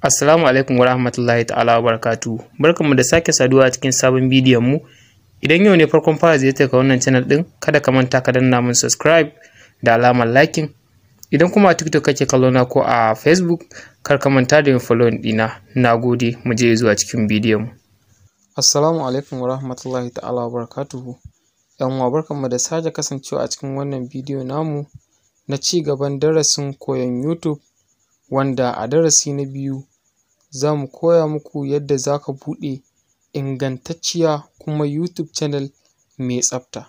Assalamu alaikum wa rahmatullahi ta'ala barakatu. Barkanmu da sake saduwa a cikin sabon bidiyon mu. Idan yau ne farkon fara ziyartar ka wannan channel din, kada ka manta ka danna mun subscribe da alamar liking. Idan kuma a TikTok kake kallo na ko a Facebook, kar ka manta da yin follow dina. Nagode, mu je zuwa cikin bidiyon mu. Assalamu alaikum rahmatullahi ta'ala barakatu. Yan uwa barkanmu da sake kasancewa a cikin wannan bidiyo namu na ci gaban darasin koyon YouTube wanda a darasi na biyu za mu koya muku yadda za ka buɗe ingantacciya kuma YouTube channel mai tsafta.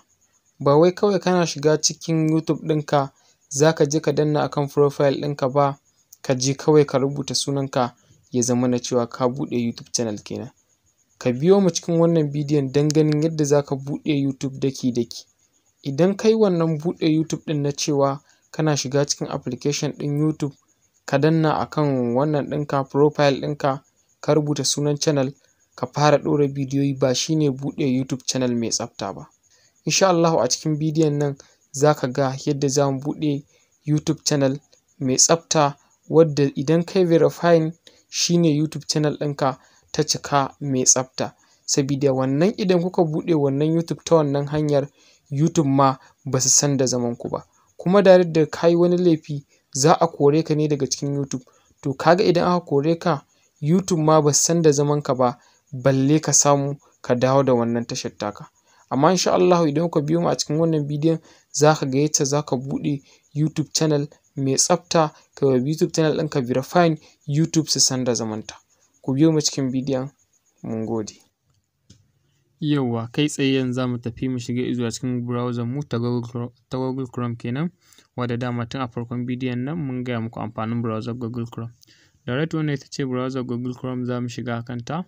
Ba wai kawai kana shiga cikin YouTube ɗinka za ka je ka danna akan kan profile ɗinka ba, ka je kawai ka rubuta sunanka ya zamana cewa ka buɗe YouTube channel kenan. Ka biyo mu cikin wannan bidiyon don ganin yadda za ka buɗe YouTube daki-daki. Idan ka yi wannan buɗe YouTube ɗin na cewa kana shiga cikin application ɗin YouTube ka danna akan wannan ɗinka profile ɗinka ka rubuta sunan channel ka fara ɗora bidiyoyi ba shine buɗe YouTube channel mai tsafta ba. Insha Allahu a cikin bidiyon nan za ka ga yadda za mu buɗe YouTube channel mai tsafta wadda idan kai verifying shine YouTube channel ɗinka ta cika mai tsafta. Sabida wannan idan kuka buɗe wannan YouTube ta wannan hanyar YouTube ma ba su san da zamanku ba. Kuma da da ka yi wani laifi za a kore ka ne daga cikin YouTube. To kaga idan aka kore ka YouTube ma ba su san da zaman ka ba balle ka samu ka dawo da wannan tashar taka. Amma insha sha Allahu idan kuka biyo mu a cikin wannan bidiyon za ka ga yadda za ka buɗe YouTube channel mai tsafta ka yi YouTube channel ɗinka verifying YouTube su san da zamanta Ku biyo mu cikin bidiyon mun gode. Yauwa kai tsaye yanzu za mu tafi mu shiga zuwa cikin browser mu ta Google Chrome kenan wadda dama tun a farkon bidiyon nan mun gaya muku amfanin browser Google Chrome. right wannan ita ce browser Google Chrome za mu shiga kanta.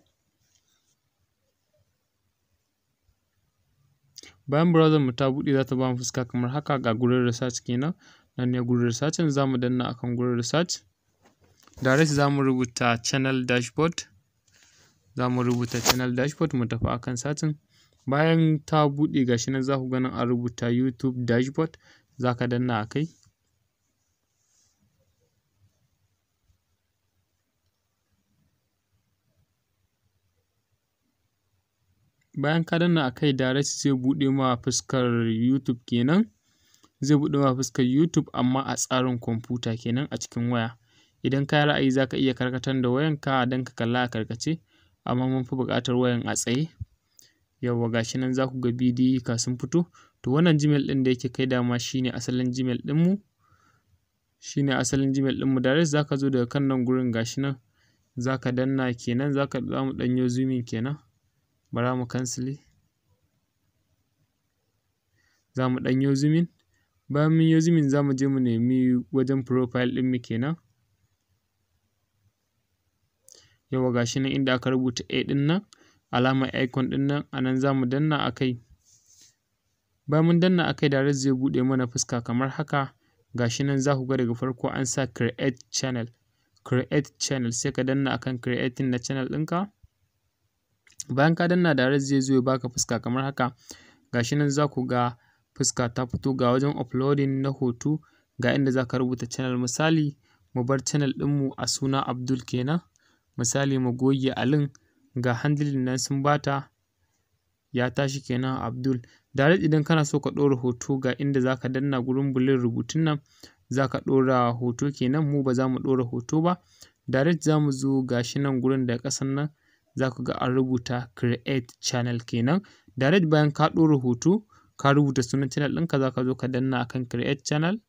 Bayan browser mu ta buɗe za ta ba mu fuska kamar haka ga gurin research kenan. Nan ne gurin research za mu danna akan gurin research. Direct za mu rubuta channel dashboard. za mu rubuta channel dashboard mu tafi akan satin bayan ta buɗe gashi nan za ku ganin an rubuta youtube dashboard za ka danna a kai bayan ka danna a kai direct zai buɗe ma fuskar youtube kenan zai buɗe ma fuskar youtube amma a tsarin kwamfuta kenan a cikin waya idan ka yi ra'ayi za ka iya karkatar da wayanka dan ka kalla a karkace amma mun fi buƙatar wayan a tsaye yauwa shi nan za ku ga bidiyoyi ka e sun fito to wannan gmail ɗin da yake kai dama ne asalin gmail ɗinmu shi ne asalin gmail ɗinmu direct za ka zo daga kan nan gurin ga shi nan za ka danna kenan za ka za mu ɗanyo zooming kenan bara mu cancel za mu ɗanyo zooming bayan mun yi zooming za mu je mu nemi wajen profile ɗinmu kenan Yauwa ga shi nan inda aka rubuta A ɗin nan alamar icon ɗin nan a nan za mu danna a kai. Bayan mun danna a kai direct zai buɗe mana fuska kamar haka. Ga shi nan za ku ga daga farko an sa create channel. Create channel sai ka danna kan creating na channel ɗinka. Bayan ka danna direct zai zo ya baka fuska kamar haka. Ga shi nan za ku ga fuska ta fito ga wajen uploading na hoto ga inda za ka rubuta channel misali mu bar channel ɗinmu a suna Abdul kenan. misali mu goge alin ga handling nan sun bata ya tashi kenan Abdul direct idan kana so ka ɗora hoto ga inda zaka danna gurin bulin rubutun nan zaka ɗora hoto kenan mu ba za mu ɗora hoto ba direct mu zo gashi nan gurin da ƙasan nan zaka ga an rubuta create channel kenan direct bayan ka ɗora hoto ka rubuta sunan channel ɗinka zaka zo ka danna akan create channel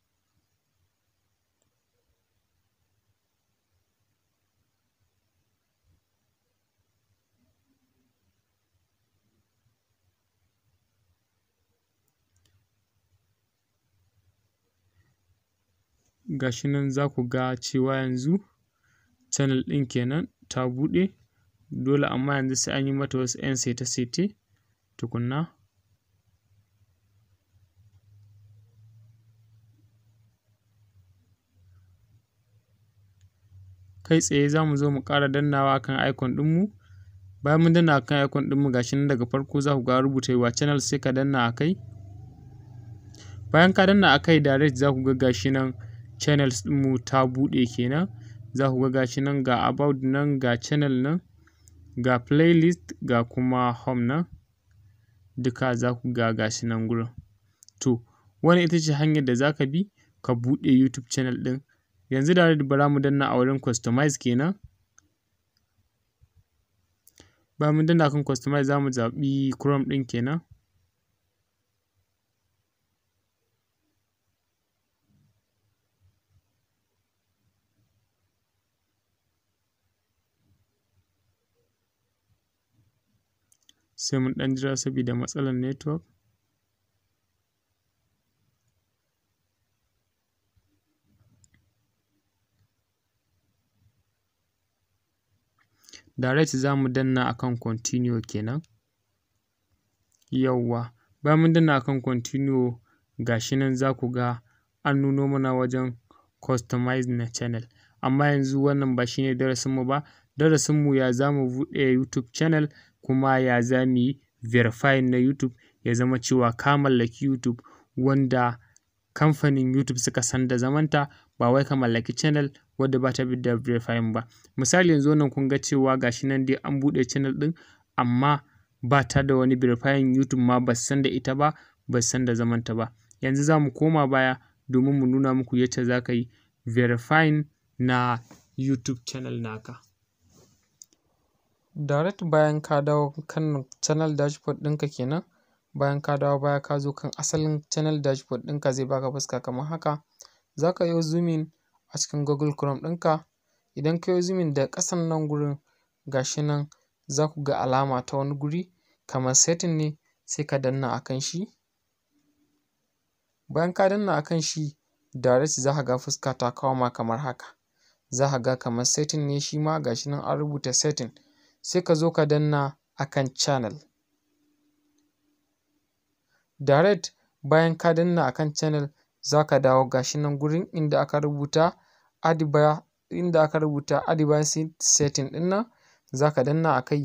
gashi nan za ku ga cewa yanzu channel ɗin kenan ta buɗe dole amma yanzu sai an yi mata wasu 'yan saite-saite tukunna kai tsaye za mu zo mu ƙara dannawa kan icon ɗinmu bayan mun danna kan icon ɗinmu gashi nan daga farko za ku ga rubuta wa channel sai ka danna a kai bayan ka danna a kai direct za ku ga gashi nan channels mu ta buɗe kenan za ku ga gashi nan ga about nan ga channel nan ga playlist ga kuma home nan duka za ku ga gashi nan gurin to wani ita ce hanyar da za ka bi ka buɗe YouTube channel ɗin yanzu da bara mu danna a wurin customize kenan bayan mun danna kan customize za mu zaɓi Chrome ɗin kenan sai mun ɗan jira sabida matsalar network direct za mu danna akan continue kenan yawwa bayan mun danna akan continue gashi nan za ku ga an nuno mana wajen customize na channel amma yanzu wannan ba shi ne darasin mu ba darasinmu ya za mu buɗe YouTube channel kuma ya za mu yi verifying na YouTube ya zama cewa ka mallaki YouTube wanda kamfanin YouTube suka san da zamanta ba wai ka mallaki channel wadda ba ta da verifying ba. Misali yanzu nan kun ga cewa gashi nan dai an buɗe channel ɗin amma ba ta da wani verifying YouTube ma ba san da ita ba ba san da zamanta ba. Yanzu za mu koma baya domin mu nuna muku yacce za ka yi verifying na YouTube channel naka. Direct bayan ka dawo kan channel dashboard ɗinka kenan, bayan ka dawo baya ka zo kan asalin channel dashboard ɗinka zai baka fuska kamar haka. zaka ka yo zooming a cikin Google Chrome ɗinka. Idan ka yo zooming daga ƙasan nan gurin gashi nan za ku ga alama ta wani guri kamar setting ne sai ka danna a shi. Bayan ka danna akan shi direct za ka ga fuska ta kama kamar haka. Za ka ga kamar setting ne shi ma gashi nan an rubuta setting. sai ka zo ka danna akan channel. Direct bayan ka danna akan channel za ka dawo gashi nan gurin inda aka rubuta adva inda aka rubuta advanced setting ɗin nan za ka danna a kai.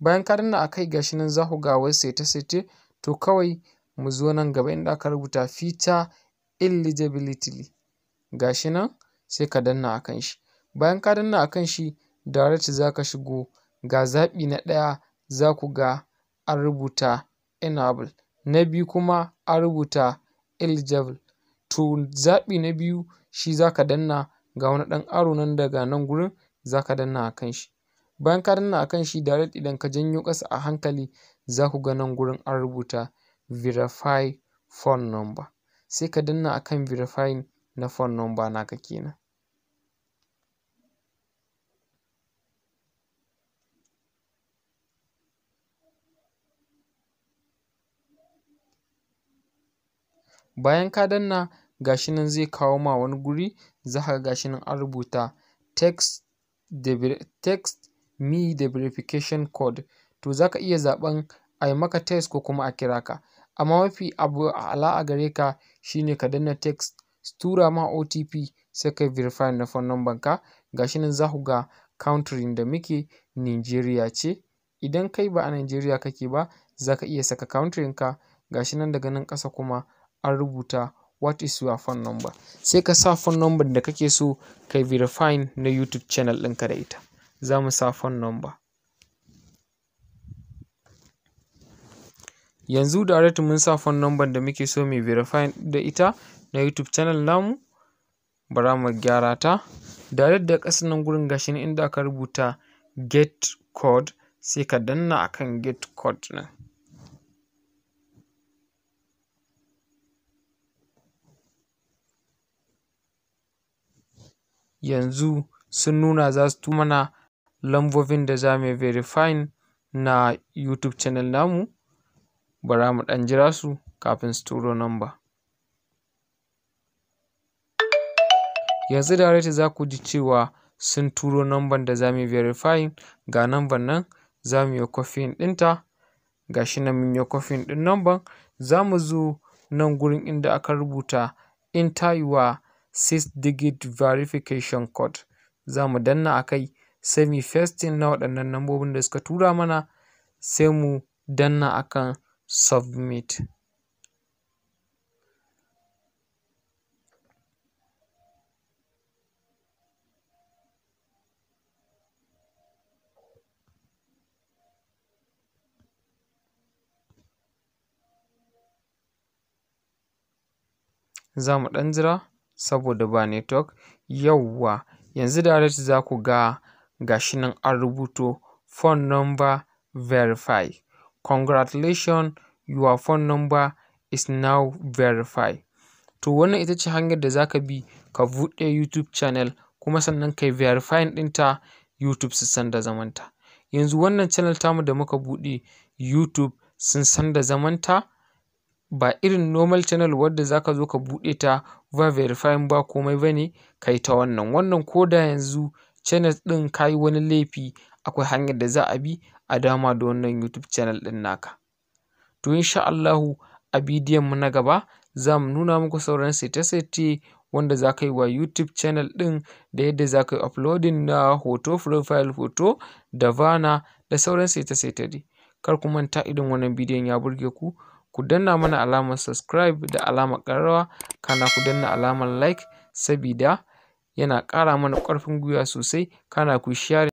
Bayan ka danna a kai gashi nan za ku ga wasu sete sete to kawai mu zo nan gaba inda aka rubuta feature eligibility gashi nan sai ka danna a kan shi. Bayan ka danna a kan shi direct za ka shigo Ga zaɓi na ɗaya za ku ga an rubuta “Enable”, na biyu kuma an rubuta “Eligible”. To zaɓi na biyu shi za ka danna ga wani ɗan aro nan daga nan gurin za ka danna a kan shi. Bayan ka danna a kan shi direct idan ka janyo ƙasa a hankali za ku ga nan gurin an rubuta “Verify phone number” sai ka danna a kan “Verifying” na phone number naka kenan Bayan ka danna gashi nan zai kawo ma wani guri za ka ga gashi nan an rubuta text text me the verification code. To za ka iya zaɓan a maka text ko kuma a kira ka. Amma mafi abu ala a gare ka shine ka danna text su tura ma OTP sai ka verify na phone number ka. Gashi nan za ga country da muke Nijeriya ce. Idan kai ba a Nijeriya kake ba za ka iya saka country ka. Gashi nan daga nan ƙasa kuma. an rubuta what is your phone number sai ka sa phone number da kake so kai verifying na YouTube channel ɗinka da ita za mu sa phone number yanzu direct mun sa phone number da muke so mu verifying da ita na YouTube channel namu bara mu gyara ta direct da kasa nan gurin gashi inda aka rubuta get code sai ka danna akan get code ɗin yanzu sun nuna za su mana lambobin da za mu yi verifying na YouTube channel namu. Bara mu ɗan jira su kafin su turo namba Yanzu direct za ku ji cewa sun turo namban da za mu yi verifying. Ga namban nan za mu yi copying ɗinta. Ga shi nan mun yi copying ɗin namban Za mu zo nan gurin inda aka rubuta enter six digit verification code za mu danna a kai sai mu pasting na waɗannan nambobin da suka tura mana sai mu danna a kan submit za mu ɗan jira saboda ba network. Yauwa yanzu direct za ku ga gashi nan an rubuto phone number verify. Congratulation your phone number is now verify. To wannan ita ce hanyar da zaka bi ka buɗe YouTube channel kuma sannan kai verify ɗinta YouTube su san da zamanta. Yanzu wannan channel tamu da muka buɗe YouTube sun san da zamanta ba irin normal channel wadda zaka zo ka buɗe ta ba verifying ba komai bane kai ta wannan. Wannan ko da yanzu channel ɗin ka wani laifi akwai hanyar da za a bi a dama da wannan YouTube channel ɗin naka. To in sha Allahu a bidiyon mu na gaba za mu nuna muku sauran sete sete wanda za ka yi wa YouTube channel ɗin da yadda za ka yi uploading na hoto, profile hoto da vana da sauran sete sete dai. Kar ku manta idan wannan bidiyon ya burge ku. ku danna mana alamar subscribe da alamar ƙararrawa kana ku danna alamar like sabida yana ƙara mana ƙarfin gwiwa sosai kana ku share